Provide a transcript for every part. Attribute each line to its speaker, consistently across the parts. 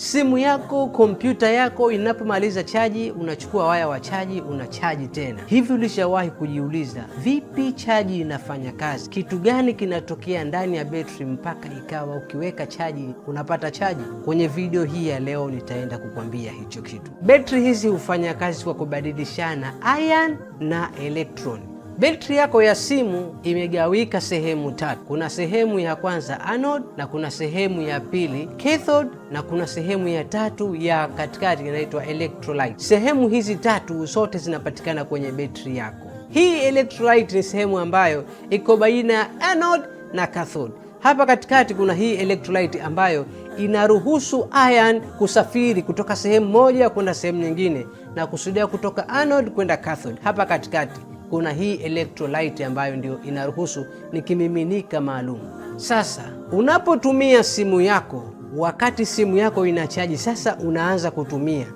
Speaker 1: Simu yako kompyuta yako inapomaliza chaji, unachukua waya wa chaji, unachaji tena. Hivi ulishawahi kujiuliza, vipi chaji inafanya kazi? Kitu gani kinatokea ndani ya betri mpaka ikawa ukiweka chaji unapata chaji? Kwenye video hii ya leo nitaenda kukwambia hicho kitu. Betri hizi hufanya kazi kwa kubadilishana ion na electron. Betri yako ya simu imegawika sehemu tatu. Kuna sehemu ya kwanza anode, na kuna sehemu ya pili cathode, na kuna sehemu ya tatu ya katikati inaitwa electrolyte. Sehemu hizi tatu zote zinapatikana kwenye betri yako. Hii electrolyte ni sehemu ambayo iko baina ya anode na cathode. Hapa katikati kuna hii electrolyte ambayo inaruhusu ion kusafiri kutoka sehemu moja kwenda sehemu nyingine, na kusudia kutoka anode kwenda cathode hapa katikati kuna hii electrolyte ambayo ndio inaruhusu ni kimiminika maalum. Sasa unapotumia simu yako, wakati simu yako inachaji, sasa unaanza kutumia,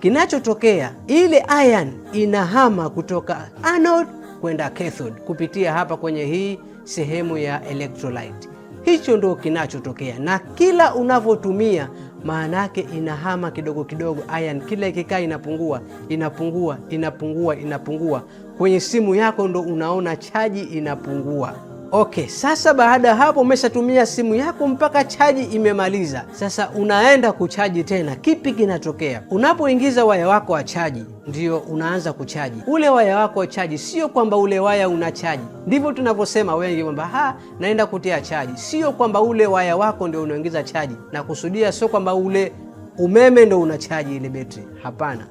Speaker 1: kinachotokea ile iron inahama kutoka anode kwenda cathode kupitia hapa kwenye hii sehemu ya electrolyte. Hicho ndio kinachotokea, na kila unavyotumia maana yake inahama kidogo kidogo, iron kila ikikaa inapungua inapungua inapungua inapungua. Kwenye simu yako ndo unaona chaji inapungua. Okay, sasa baada ya hapo umeshatumia simu yako mpaka chaji imemaliza. Sasa unaenda kuchaji tena, kipi kinatokea? Unapoingiza waya wako wa chaji ndio unaanza kuchaji ule waya wako wa chaji. Sio kwamba ule waya una chaji, ndivyo tunavyosema wengi kwamba ha, naenda kutia chaji. Sio kwamba ule waya wako ndio unaingiza chaji, na kusudia sio kwamba ule umeme ndio unachaji ile betri. Hapana,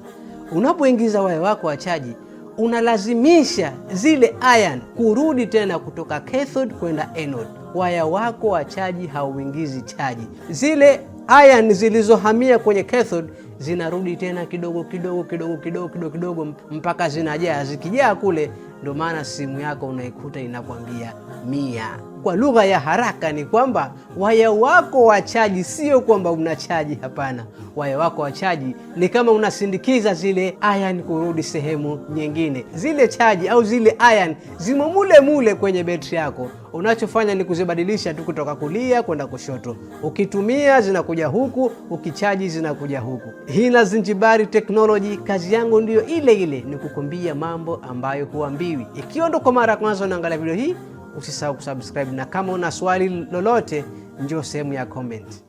Speaker 1: unapoingiza waya wako wa chaji unalazimisha zile iron kurudi tena kutoka cathode kwenda anode. Waya wako wa chaji hauingizi chaji zile iron zilizohamia kwenye cathode zinarudi tena kidogo kidogo kidogo kidogo kidogo kidogo mpaka zinajaa. Zikijaa kule, ndo maana simu yako unaikuta inakwambia mia. Kwa lugha ya haraka ni kwamba waya wako wa chaji, sio kwamba una chaji hapana. Waya wako wa chaji ni kama unasindikiza zile ion kurudi sehemu nyingine. Zile chaji au zile ion zimo mule mule kwenye betri yako, unachofanya ni kuzibadilisha tu kutoka kulia kwenda kushoto. Ukitumia zinaku zinakuja huku, ukichaji zinakuja huku. hii na Zinjibari Technology, kazi yangu ndiyo ile ile, ni kukumbia mambo ambayo huambiwi. Ikiwa ndo kwa mara ya kwanza unaangalia video hii, usisahau kusubscribe, na kama una swali lolote, njoo sehemu ya comment.